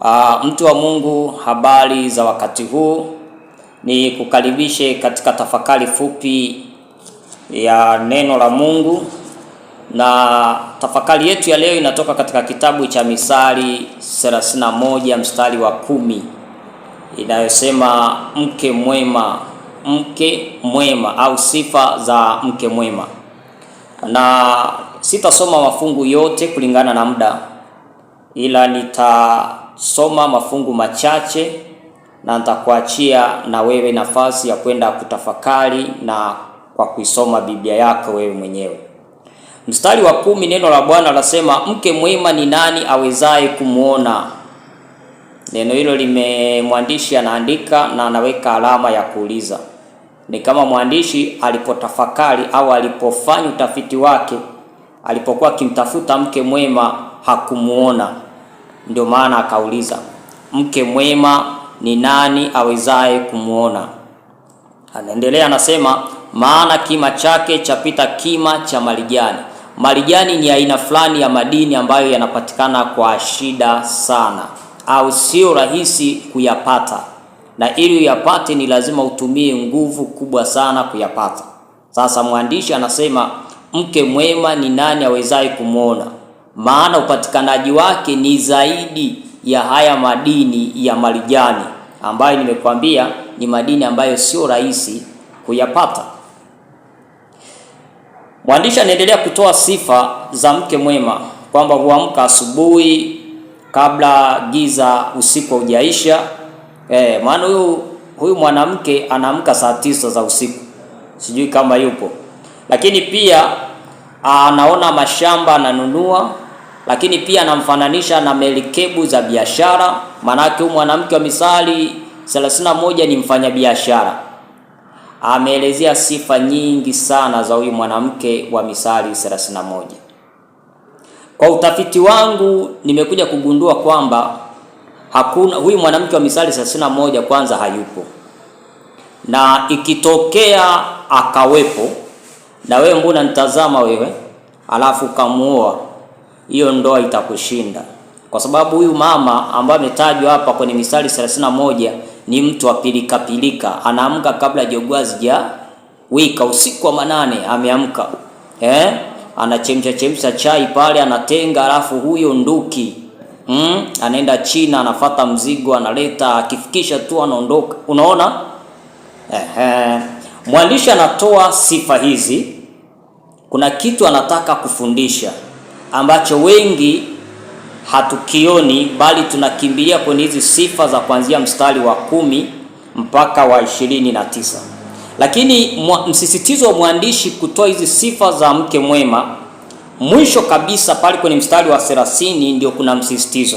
Aa, ah, mtu wa Mungu, habari za wakati huu, ni kukaribishe katika tafakari fupi ya neno la Mungu, na tafakari yetu ya leo inatoka katika kitabu cha Misali 31 mstari wa kumi inayosema mke mwema, mke mwema, au sifa za mke mwema, na sitasoma mafungu yote kulingana na muda, ila nita soma mafungu machache na nitakuachia na wewe nafasi ya kwenda kutafakari na kwa kuisoma Biblia yako wewe mwenyewe. Mstari wa kumi, neno la Bwana lasema, mke mwema ni nani awezaye kumwona? Neno hilo limemwandishi anaandika na anaweka alama ya kuuliza. Ni kama mwandishi alipotafakari au alipofanya utafiti wake, alipokuwa akimtafuta mke mwema hakumuona. Ndio maana akauliza, mke mwema ni nani awezaye kumwona? Anaendelea anasema, maana kima chake chapita kima cha marijani. Marijani ni aina fulani ya madini ambayo yanapatikana kwa shida sana, au sio rahisi kuyapata, na ili uyapate ni lazima utumie nguvu kubwa sana kuyapata. Sasa mwandishi anasema, mke mwema ni nani awezaye kumwona? maana upatikanaji wake ni zaidi ya haya madini ya marijani ambayo nimekwambia ni madini ambayo sio rahisi kuyapata. Mwandishi anaendelea kutoa sifa za mke mwema kwamba huamka asubuhi kabla giza usiku haujaisha. E, maana huyu huyu mwanamke anaamka saa tisa za usiku, sijui kama yupo, lakini pia anaona mashamba ananunua lakini pia anamfananisha na merikebu za biashara, maanake huyu mwanamke wa Misali 31 ni mfanyabiashara. Ameelezea sifa nyingi sana za huyu mwanamke wa Misali 31. Kwa utafiti wangu nimekuja kugundua kwamba hakuna huyu mwanamke wa Misali 31, kwanza hayupo, na ikitokea akawepo, na wewe mbona nitazama wewe, alafu ukamuoa hiyo ndoa itakushinda, kwa sababu huyu mama ambaye ametajwa hapa kwenye mistari 31 ni mtu wa pilika pilika, anaamka kabla jogoo wika usiku wa manane ameamka, eh, anachemsha chemsha chai pale, anatenga, alafu huyo nduki mm, anaenda China, anafata mzigo, analeta, akifikisha tu anaondoka. Unaona eh. Mwandishi anatoa sifa hizi, kuna kitu anataka kufundisha ambacho wengi hatukioni, bali tunakimbilia kwenye hizi sifa za kuanzia mstari wa kumi mpaka wa ishirini na tisa. Lakini msisitizo wa mwandishi kutoa hizi sifa za mke mwema mwisho kabisa pale kwenye mstari wa thelathini ndio kuna msisitizo.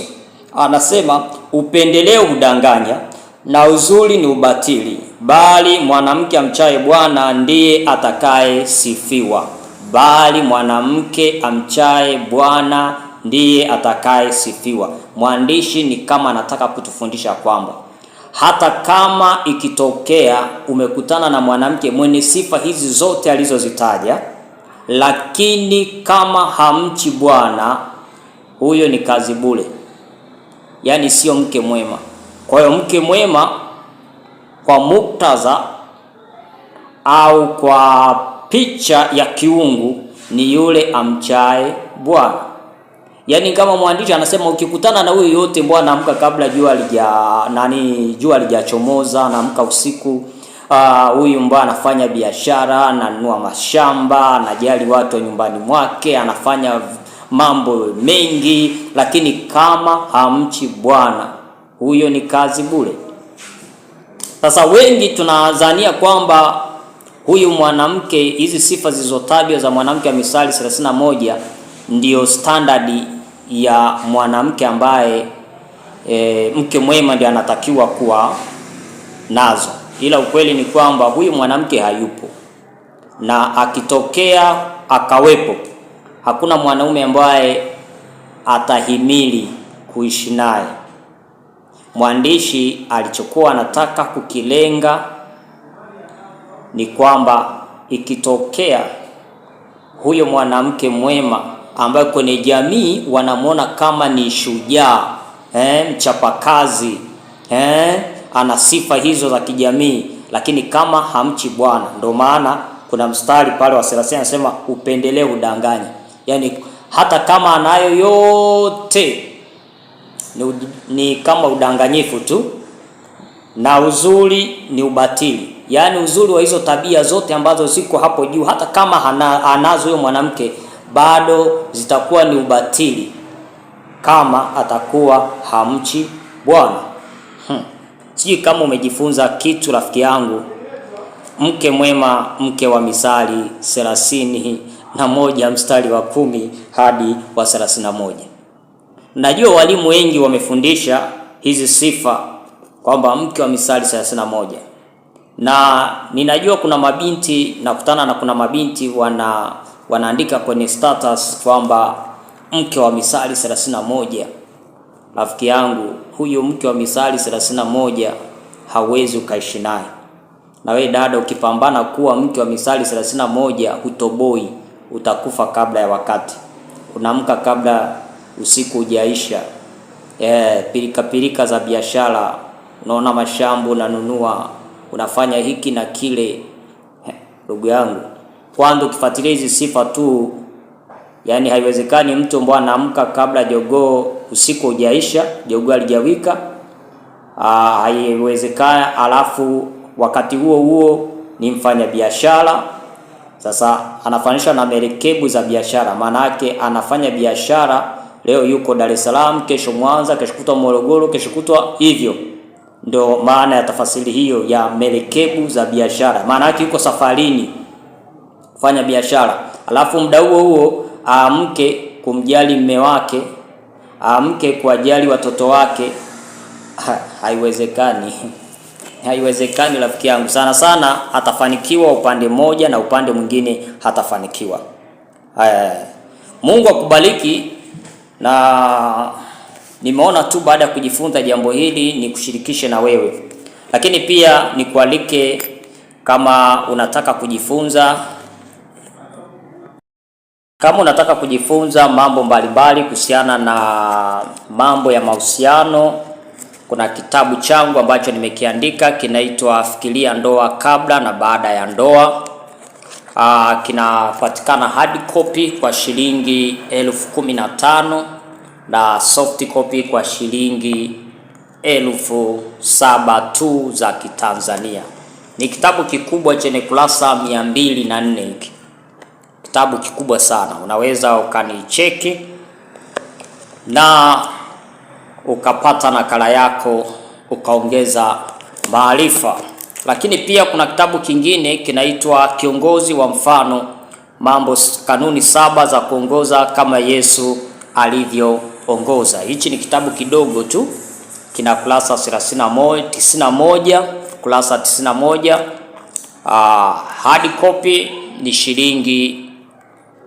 Anasema upendeleo hudanganya na uzuri ni ubatili, bali mwanamke amchaye Bwana ndiye atakayesifiwa bali mwanamke amchaye Bwana ndiye atakayesifiwa. Mwandishi ni kama anataka kutufundisha kwamba hata kama ikitokea umekutana na mwanamke mwenye sifa hizi zote alizozitaja, lakini kama hamchi Bwana, huyo ni kazi bure, yaani sio mke mwema. Kwa hiyo mke mwema kwa muktadha au kwa picha ya kiungu ni yule amchaye Bwana. Yaani kama mwandishi anasema ukikutana na huyo yote, bwana, amka kabla jua lija nani, jua lijachomoza, anaamka usiku ah, huyu mbwa anafanya biashara, ananua mashamba, anajali watu nyumbani mwake, anafanya mambo mengi, lakini kama hamchi Bwana, huyo ni kazi bure. Sasa wengi tunadhania kwamba huyu mwanamke, hizi sifa zilizotajwa za mwanamke wa Mithali 31 ndiyo standard ya mwanamke ambaye e, mke mwema ndiye anatakiwa kuwa nazo, ila ukweli ni kwamba huyu mwanamke hayupo, na akitokea akawepo, hakuna mwanaume ambaye atahimili kuishi naye. Mwandishi alichokuwa anataka kukilenga ni kwamba ikitokea huyo mwanamke mwema ambaye kwenye jamii wanamwona kama ni shujaa eh, mchapakazi eh, ana sifa hizo za kijamii, lakini kama hamchi Bwana, ndio maana kuna mstari pale wa 30 anasema upendelee udanganyi yaani hata kama anayo yote ni, ni kama udanganyifu tu na uzuri ni ubatili yaani uzuri wa hizo tabia zote ambazo ziko hapo juu, hata kama anazo huyo mwanamke bado zitakuwa ni ubatili kama atakuwa hamchi Bwana. Hmm. Sijui kama umejifunza kitu rafiki yangu, mke mwema, mke wa misali thelathini na moja mstari wa kumi hadi wa thelathini na moja. Najua walimu wengi wamefundisha hizi sifa kwamba mke wa misali thelathini na moja na ninajua kuna mabinti nakutana na kuna mabinti wana wanaandika kwenye status kwamba mke wa Misali 31. Rafiki yangu, huyu mke wa Misali 31 hawezi ukaishi naye. Na wewe dada, ukipambana kuwa mke wa Misali 31 hutoboi, utakufa kabla ya wakati, unaamka kabla usiku hujaisha. E, eh, pirikapirika za biashara, unaona mashamba unanunua unafanya hiki na kile. Ndugu yangu, kwanza ukifuatilia hizi sifa tu, yani haiwezekani mtu mbwa anaamka kabla jogoo usiku hujaisha, jogoo alijawika, ah, haiwezekana. Alafu wakati huo huo ni mfanya biashara sasa anafanisha na merekebu za biashara, maana yake anafanya biashara leo yuko Dar es Salaam, kesho Mwanza, kesho kutwa Morogoro, kesho kutwa hivyo. Ndo maana ya tafasiri hiyo ya melekebu za biashara. Maana yake yuko safarini kufanya biashara, alafu muda huo huo aamke kumjali mme wake, aamke kuwajali watoto wake. Ha, haiwezekani, haiwezekani rafiki yangu. Sana sana atafanikiwa upande mmoja na upande mwingine hatafanikiwa. Haya, Mungu akubariki na Nimeona tu baada ya kujifunza jambo hili ni kushirikishe na wewe, lakini pia nikualike kama unataka kujifunza kama unataka kujifunza mambo mbalimbali kuhusiana na mambo ya mahusiano, kuna kitabu changu ambacho nimekiandika kinaitwa Fikiria Ndoa Kabla na Baada ya Ndoa. Kinapatikana hard copy kwa shilingi elfu kumi na tano na soft copy kwa shilingi elfu saba tu za Kitanzania. Ni kitabu kikubwa chenye kurasa mia mbili na nne hiki kitabu kikubwa sana, unaweza ukanicheki na ukapata nakala yako ukaongeza maarifa. Lakini pia kuna kitabu kingine kinaitwa Kiongozi wa Mfano, mambo kanuni saba za kuongoza kama Yesu alivyo ongoza. Hichi ni kitabu kidogo tu kina kurasa 91 kurasa 91. Ah, hard copy ni shilingi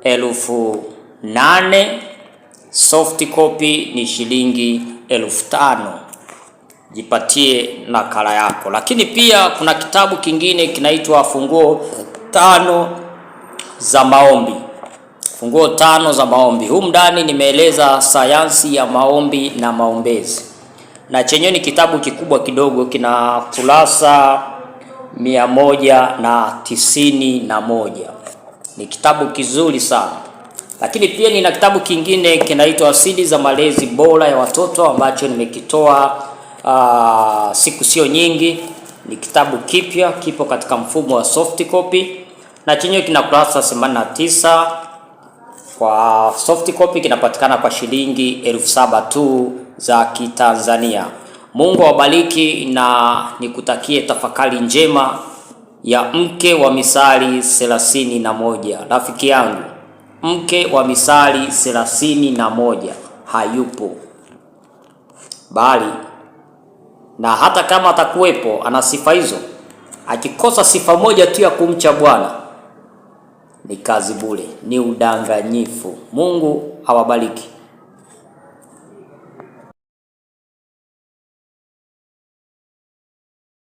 elfu nane soft copy ni shilingi elfu tano Jipatie nakala yako, lakini pia kuna kitabu kingine kinaitwa Funguo Tano za Maombi funguo tano za maombi. Humu ndani nimeeleza sayansi ya maombi na maombezi, na chenyewe ni kitabu kikubwa kidogo, kina kurasa mia moja na tisini na moja. Ni kitabu kizuri sana, lakini pia nina kitabu kingine kinaitwa Asili za Malezi Bora ya Watoto ambacho nimekitoa ah, siku sio nyingi. Ni kitabu kipya, kipo katika mfumo wa soft copy na chenyewe kina kurasa 89 kwa soft copy kinapatikana kwa shilingi elfu saba tu za Kitanzania. Mungu awabariki na nikutakie tafakari njema ya mke wa Misali thelathini na moja. Rafiki yangu, mke wa Misali thelathini na moja hayupo, bali na hata kama atakuwepo, ana sifa hizo, akikosa sifa moja tu ya kumcha Bwana ni kazi bure, ni udanganyifu. Mungu awabariki.